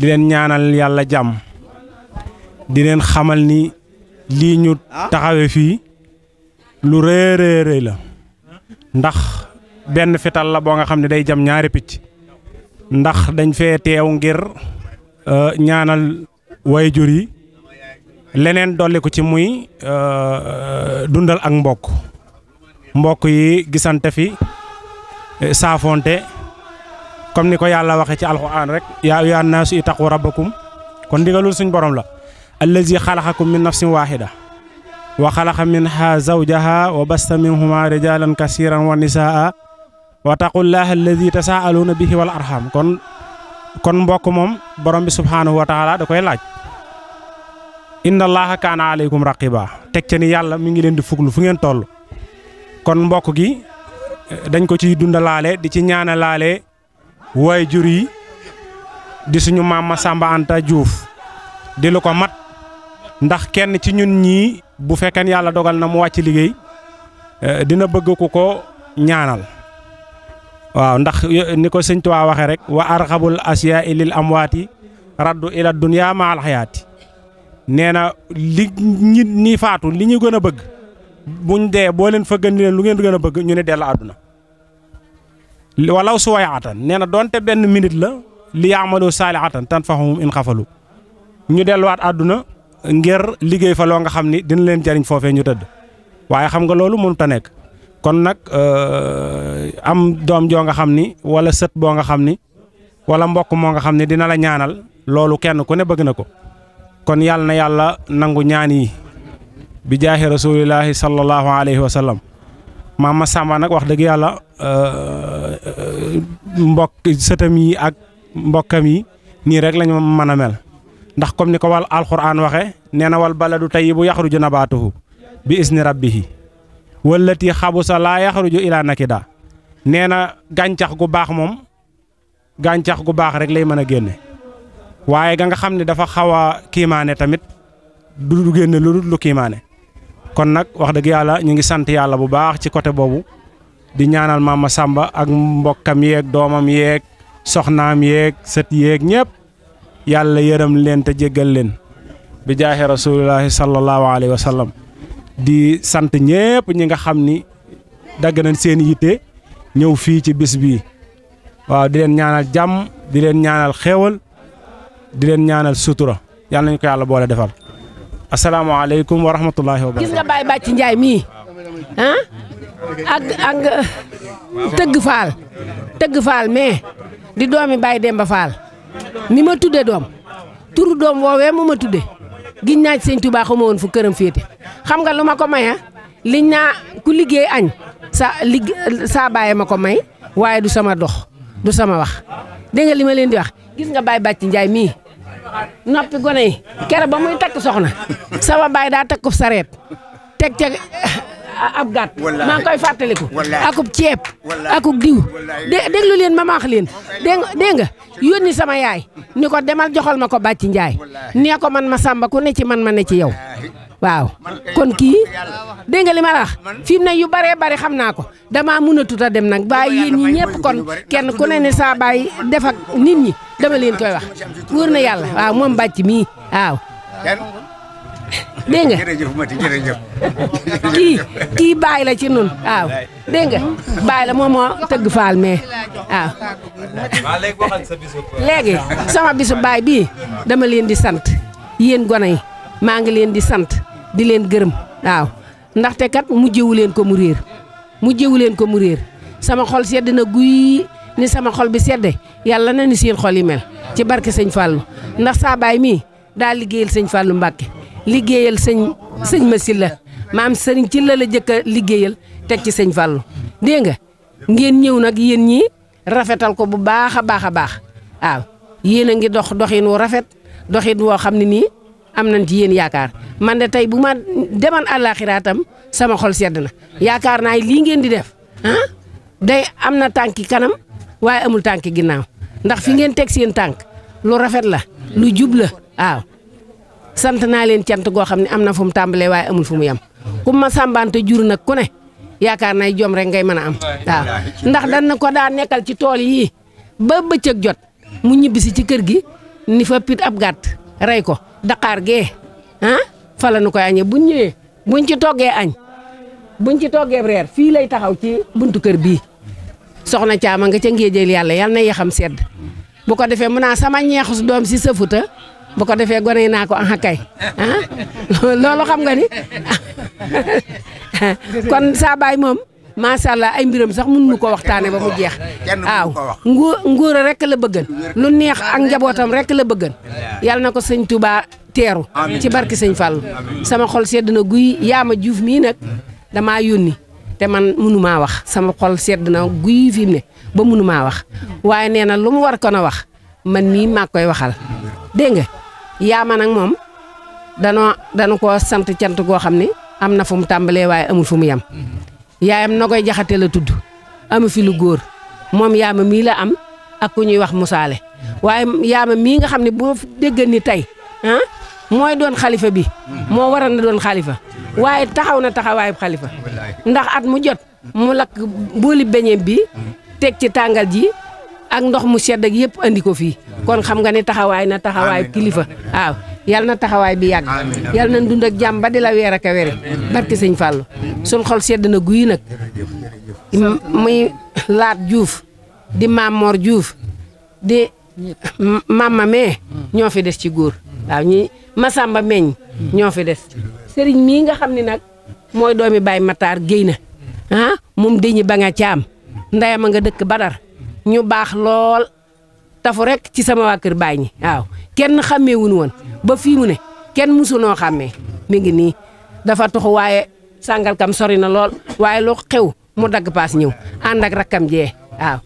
Speaker 8: di leen ñaanal yàlla jàmm di leen xamal ni lii ñu taxawe fii lu rëy rëy la ndax benn fital la boo nga xam ne day jam ñaari picc ndax dañ fee teew ngir euh, ñaanal waajur yi leneen dolli ko ci muy euh, euh, dundal ak mbokk mbokk yi gisante fi saafonte comme ni ko yàlla waxe ci alxuraan rek yaa ayyuhan naasu taxu ràbbakum kon ndigalul suñ borom la allazi xalaxakum min nafsin waahida wa xalaqa minha zawjaha wa basta minhuma rijalan kasiran wa nisaa wa taqullaha alladi tasaaluna bihi wal arham kon kon mbokk moom borom bi subhanahu wa da koy laaj inna kaana aleykum raqiba teg ca ni yàlla mi ngi leen di fuglu fu ngeen toll kon mbokk gi dañ ko ciy dundalaale di ci ñaanalaale waay jur yi di suñu maam Samba Anta Diouf di lu ko mat ndax kenn ci ñun ñii bu fekkee ne yàlla dogal na mu wàcc liggéey eh, dina bëgg ku ko ñaanal waaw ndax ni ko sëñ waa waxee rek wa arxabul asyaai lil amwaati raddu ila dunya ma alxayaati nee na li ñi ñi faatu li ñu gën a bëgg buñ dee boo leen fëggan leen lu ngeen gën a bëgg ñu ne dell àdduna walaw suwayaatan nee na doonte benn minute la li yaamalu saalihatan tan fahum in xafalu ñu delluwaat àdduna ngir liggéey fa loo nga xam ni dina leen jariñ foofee ñu tëdd waaye xam nga loolu mënut a nekk kon nag euh, am doom joo nga xam ni wala sët boo nga xam ni wala mbokk moo nga xam ni dina la ñaanal loolu kenn ku ne bëgg na ko kon yàlla na yàlla nangu ñaan yi bi jaahi rasulillahi sallallahu alayhi wa sallam maama Samba nag wax dëgg yàlla euh, mbokk sëtam yi ak mbokkam yi nii rek lañu mën mel ndax comme ni ko wal alxuraan waxe nee na wal bala baladu tayyibu yaxruju nabaatuhu bi isni rabbihi wallati xabusa laa yaxruju ilaa daa nee na gàncax gu baax moom gàncax gu baax rek lay mën a génne waaye ga nga xam ne dafa xaw a kiimaane tamit du génne lu dul lu kiimaane kon nag wax dëgg yàlla ñu ngi sant yàlla bu baax ci côté boobu di ñaanal maama sàmba ak mbokkam yeeg doomam yeeg soxnaam yeeg sët yeeg ñëpp yàlla yërëm leen te jéggal leen bi jaaxe rasulillahi sallallahu alayhi wa sallam di sant ñépp ñi nga xam ni dagg nañ seen yitte ñëw fii ci bis bii waaw di leen ñaanal jàmm di leen ñaanal xéewal di leen ñaanal sutura yàlla nañ ko yàlla boole defal asalaamaaleykum wa rahmatullahi wa barakatuh gis nga
Speaker 11: Baye Bàcc Njaay mii ah, ak ak tëgg faal tëgg faal mais di doomi Baye Demba Faal ni ma tudde doom turu doom woowee mu ma tudde giñ naa ci sëñ Tuubaa xama woon fu këram féete xam nga lu ma ko may ah? li naa ku liggéey añ sa ligg saa bàyyi ma ko may waaye du sama dox du sama wax dégg li ma leen di wax gis nga baay Baye Bàcc Njaay mii noppi gone yi kere ba muy takk soxna sama baay daa takk ko sareet teg ca ab gàtt maa ngi koy fàttaliku akub ceeb akub diw dé déglu leen ma ma wax leen dégg dégg nga yónni sama yaay ni ko demal joxal ma ko bàcci njaay nee ko man ma sàmba ku ne ci man ma ne ci yow waaw kon kii dégg nga li ma la wax fi yu baree bari xam naa ko damaa mën a dem nag waaye yéen ñi ñëpp kon kenn ku ne ne saa baay defa nit ñi dama leen koy wax wóor na yàlla waaw moom bàcc mii waaw dégg nga jërëjëf kii kii bàyyi la ci nun waaw dégg baay la moo moo tëgg faal mais waaw.
Speaker 1: léegi sama bisu baay bii
Speaker 11: dama leen di sant yéen gone yi maa ngi leen di sant di leen gërëm waaw ndaxte kat mujjewu leen ko mu réer mujjewu leen ko mu réer sama xol sedd na guy ni sama xol bi sedd yàlla na ni seen xol yi mel ci barke sëñ Fallou ndax saa baay mii daa liggéeyal sëñ Fallou Mbacke. liggéeyal sëñ sëñ ma Masila maam sëriñ ci la la jëkk a liggéeyal teg ci sëñ fallu dée nga ngeen ñëw nag yéen ñii rafetal ko bu baax a baax a baax waaw yéen a ngi dox doxiin wu rafet doxiin woo xam ne nii am nañ ci yéen yaakaar man de tey bu ma deman àllaaxiraatam sama xol sedd na yaakaar naa lii ngeen di def ah day am na tànki kanam waaye amul tànki ginnaaw ndax fi ngeen teg seen tànk lu rafet la lu jub la waaw sant naa leen cant goo xam ne am na fu mu tàmbalee waaye amul fu mu yem ku ma sàmbaante jur nag ku ne yaakaar naa jom rek ngay mën a am waaw ndax dana ko daa nekkal ci tool yii ba bëccëg jot mu ñibbisi ci kër gi ni fa pit ab gàtt rey ko daqaar gee ah fa koy añee buñ ñëwee buñ ci toggee añ buñ ci toggee reer fii lay taxaw ci buntu kër bii soxna caama nga ca ngéejeel yàlla yal na yéexam sedd bu ko defee mu naa sama ñeexus doom si sëfuta bu ko defee gone yi naa ko ah kay ah [LAUGHS] loolu xam nga ni [LAUGHS] kon saa baay moom macha allah ay mbiram sax mënuñu ko waxtaanee ba mu jeex. waaw nguur nguur rek la bëggan lu neex ak njabootam rek la bëggan yàlla na ko sëñ Touba teeru. ci barki sëñ Fall. sama xol sedd na guy yaama juuf mii nag damaa yónni. te man mënumaa wax sama xol sedd na guy fi mu ne maa mënumaa wax waaye nee na lu mu war kon a wax man mii maa koy waxal dégg nga yaama nag moom danoo danu ko sant cant goo xam ne am na fu mu tàmbalee waaye amul fu mu yem mm-hmm. yaayam na koy jaxate la tudd amu fi lu góor moom yaama mii la am ak ku ñuy wax musaale mm-hmm. waaye yaama mii nga xam ne boo déggan ni tey ah, mooy doon xalifa bi mm-hmm. moo waral na doon xalifa waaye taxaw na taxawaayu xalifa ndax at mu jot mu lakk booli beñeem bi teg ci tàngal ji ak ndox mu sedd ak yëpp andi ko fii kon xam nga ni taxawaay na taxawaay kilifa waaw yal na taxawaay bi yàgg yal na dund ak jàmm ba di la weer ak a were barke sëñ Fallou sun xol sedd na guyi nag muy Laat juuf di Maam Mor di Mama Mee ñoo fi des ci góor waaw ñi Masamba Meñ ñoo fi des sëriñ mii nga xam ni nag mooy doomi Baye Matar géy na ah moom diñi ba nga caam ndeyam nga dëkk Badar ñu baax lool tafu rekk ci sama waa kër baay ñi waaw kenn xàmmee wuñu woon ba fii mu ne kenn musunoo xàmmee mi ngi nii dafa toxu waaye sàngal kam sori na lool waaye lu xew mu dagg paas ñëw ànd ak rakkam jee waaw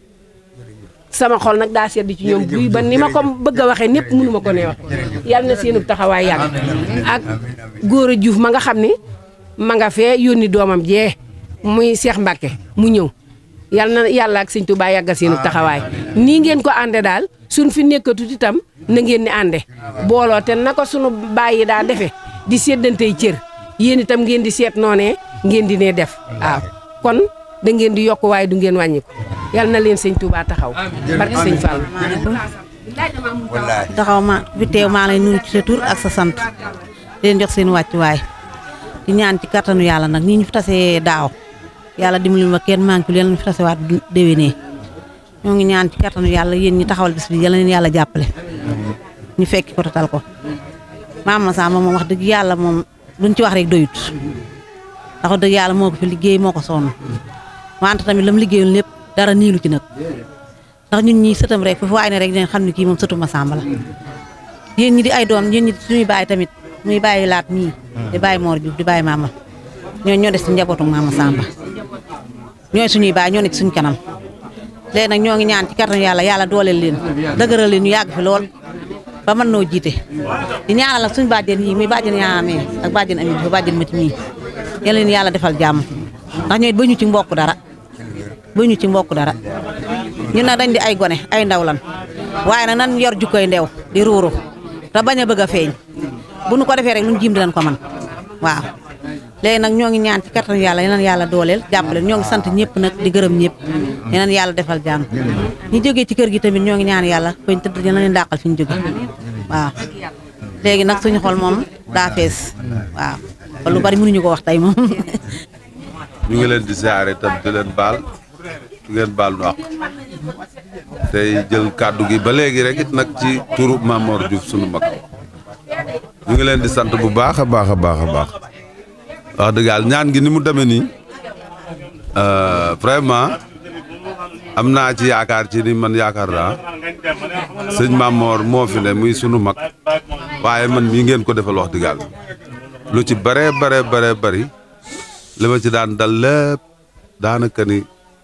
Speaker 11: sama xol nag daa sedd ci ñoom buy ba ni ma ko bëgg a waxee ñëpp mënu ma ko ne wax yal na seenub taxawaay yàgg ak góor a juuf ma nga xam ni ma nga fee yónni doomam jee muy Cheikh Mbacke mu ñëw yal na yàlla ak sëñ Tuubaa yàggal seen taxawaay nii ngeen ko ànde daal suñ fi nekkatut itam na ngeen ni ànde booloo te na ko sunu bàyyi daa defee di seddantey cër yéen itam ngeen di seet noonee ngeen di ne def waaw kon da ngeen di yokk waaye du ngeen wàññi ko yal
Speaker 12: na leen sëñ Tuubaa taxaw barke sëñ Fall taxaw ma bi teew maa lay nuyu ci sa tur ak sa sant di leen jox seen wàccuwaay di ñaan ci kattanu yàlla nag nii ñu fi tasee daaw yàlla dimbali ma kenn manqué leen fi tasewaat déwénee ñoo ngi ñaan ci kattanu yàlla yéen ñi taxawal bis bi yal leen yàlla jàppale ñu fekki ko tatal ko maama Samba moom wax dëgg yàlla moom luñ ci wax rek doyut ndax dëgg yàlla moo liggéey moo ko sonn wante tamit lam liggéeyul lépp dara niilu ci nag ndax ñun ñi sëtam rek foofu waay ne rek dañ xam ne kii moom sëtu ma Samba la yéen ñi di ay doom yéen ñi suñuy baay tamit muy bàyyi laat mii di bàyyi Mor Diouf di bàyyi maama ñoo ñoo des ci njabootu Maama Samba ñooy suñuy baa ñoo nekk suñ kanam léegi nag ñoo ngi ñaan ci kàttanu yàlla yàlla dooleel leen dëgëral leen ñu yàgg fi lool ba mën noo jiite di ñaanal ak suñu bàjjen yi muy bàjjen yaamee ak bàjjen ami bi bàjjen mati mii yal leen yàlla defal jàmm ndax ñooy ba ci mbokk dara ba ñu ci mbokk dara ñun nag dañ di ay gone ay ndaw lan waaye nag nan yor jukkoy ndew di ruuru te bañ a bëgg a feeñ bu nu ko defee rek nun jiim dinañ ko man waaw léegi nag ñoo ngi ñaan ci kattan yàlla yeneen yàlla dooleel jàppale ñoo ngi sant ñëpp nag di gërëm ñëpp yeneen yàlla defal jàmm ñu jógee ci kër gi tamit ñoo ngi ñaan yàlla fañ tëdd dina leen dàqal fi ñu jóge waaw léegi nag suñu xol moom daa fees waaw kon lu ko wax tey moom [LAUGHS]
Speaker 13: ngi leen di saare tam di leen baal di leen baal nu àq tey jël kàddu gi ba léegi rek nag ci turu Mamor Diouf sunu mag ñu ngi leen di sant bu baax a baax a baax a baax wax dëgg yàlla ñaan gi ni mu demee nii euh, vraiment am naa ci yaakaar ci ni man yaakaar naa sëñ Mamor moo fi ne muy sunu mag waaye man mii ngeen ko defal wax dëgg yàlla lu ci bare bare bare bari li ma ci daan dal lépp daanaka ni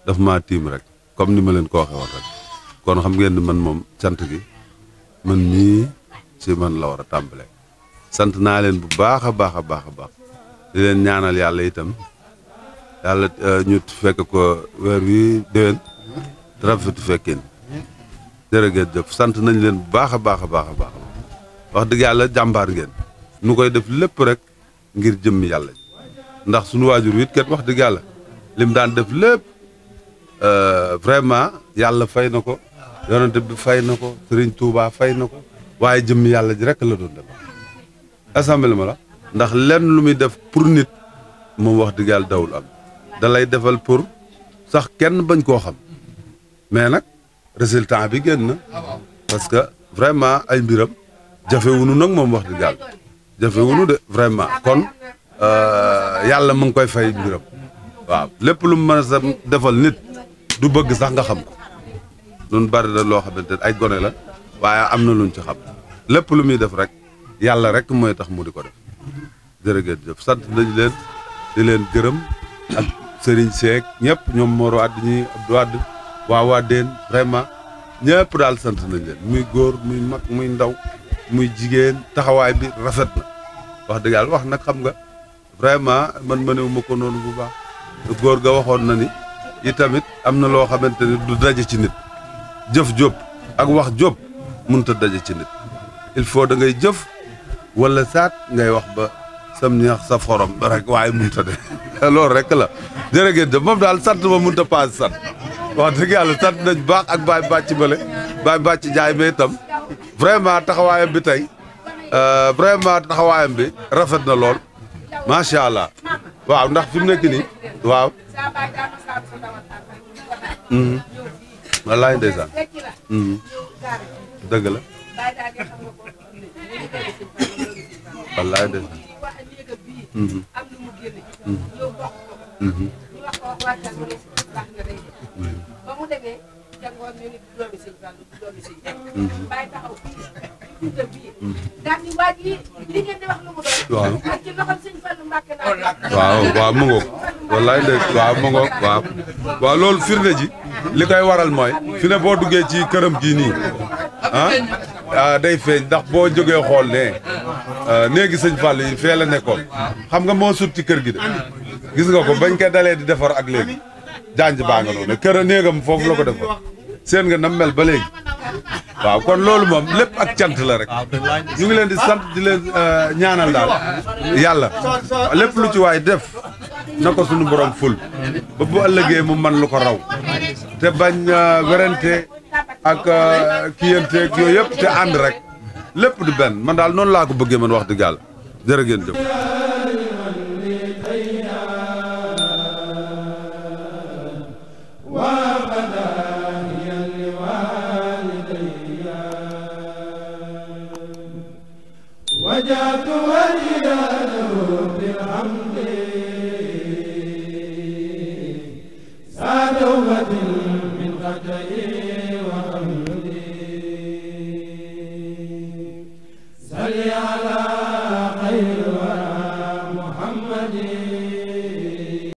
Speaker 13: daf ma tiim rek comme ni ma leen ko waxee woon rek kon xam ngeen di man moom cant gi mën mii ci man la war a tàmbalee sant naa leen bu baax a baax a baax a baax. di leen ñaanal yàlla itam yàlla euh, ñu fekk ko weer wi déwén rafetu fekkin jërëgeen jëf sant nañ leen bu baax a baax a baax a baax wax dëgg yàlla jàmbaar ngeen nu koy def lépp rek ngir jëmm yàlla ndax suñu waajur wit kat wax dëgg yàlla lim daan def lépp euh, vraiment yàlla fay na ko yonent bi fay na ko Serigne Touba fay na ko waaye jëmm yàlla ji rekk la doon def assemblée ma la ndax lenn lu muy def pour nit moom wax dëgg dawul am da lay defal pour sax kenn bañ koo xam mais nag résultat bi génn na parce que vraiment ay mbiram jafewunu nag moom wax dëgg yàlla jafewunu de vraiment kon euh, yàlla mu ngi koy fay mbiram waaw lépp lu mën a sa defal nit du bëgg sax nga xam ko nun bari da loo xamante ay gone la waaye am na lu luñ ci xam lépp lu muy def rek yàlla rek mooy tax mu di ko def jërëgéen jëf sant nañu leen di leen gërëm ak Serigne Seck ñëpp ñoom Mor Wade ñi Abdou Wade waa Wadeen vraiment ñëpp daal sant nañ leen muy góor muy mag muy ndaw muy jigéen taxawaay bi rafet na wax dëgg yàlla wax nag xam nga vraiment man mënewu ma ko noonu bu baax góor ga waxoon na ni i tamit am na loo xamante ni du daje ci nit jëf jóob ak wax jóob mënut daje ci nit il faut da ngay jëf wala saat ngay wax ba sam ñeex sa forom rek waaye mënut a de [LAUGHS] loolu rek la jërëjëf moom daal sant ma mënut a paas sant wax dëgg yàlla sant nañ baax ak baay Bàcc Bale Baye Bàcc Jaay mais itam vraiment taxawaayam bi tey euh, vraiment taxawaayam bi rafet na lool macha allah
Speaker 11: waaw ndax fi mu nekk nii waaw. Mhm. wallaay ndeysaan mhm.
Speaker 13: dëgg la wallaay ndeysaan am lu mu génne. ñëw mm-hmm. bokk mm-hmm.
Speaker 11: ko. waa Kër mm-hmm. mu
Speaker 13: ji. li koy waral mooy. fi ne boo duggee ci këram gii nii. Ah, ah day feeñ ndax boo jógee xool ne. Euh, néegi sëñ Fall yi fee la nekkoon xam nga moo sut ci kër gi de gis nga ko bañ ke dalee di defar ak léegi janj baa nga kër a néegam foofu la ko defar seen nga nam ba léegi kon loolu moom lépp ak cant la rek ñu ngi leen di sant di leen euh, ñaanal daal yàlla lépp lu ci waay def na ko suñu borom ful ba bu ëllëgee mu man lu ko raw te bañ euh, werante ak kiyanteeg yooyu yëpp te ànd rek lépp du benn man daal noonu laa ko bëggee man wax dëgg yàlla jërë ngeen jëf
Speaker 7: وجعلت وجهي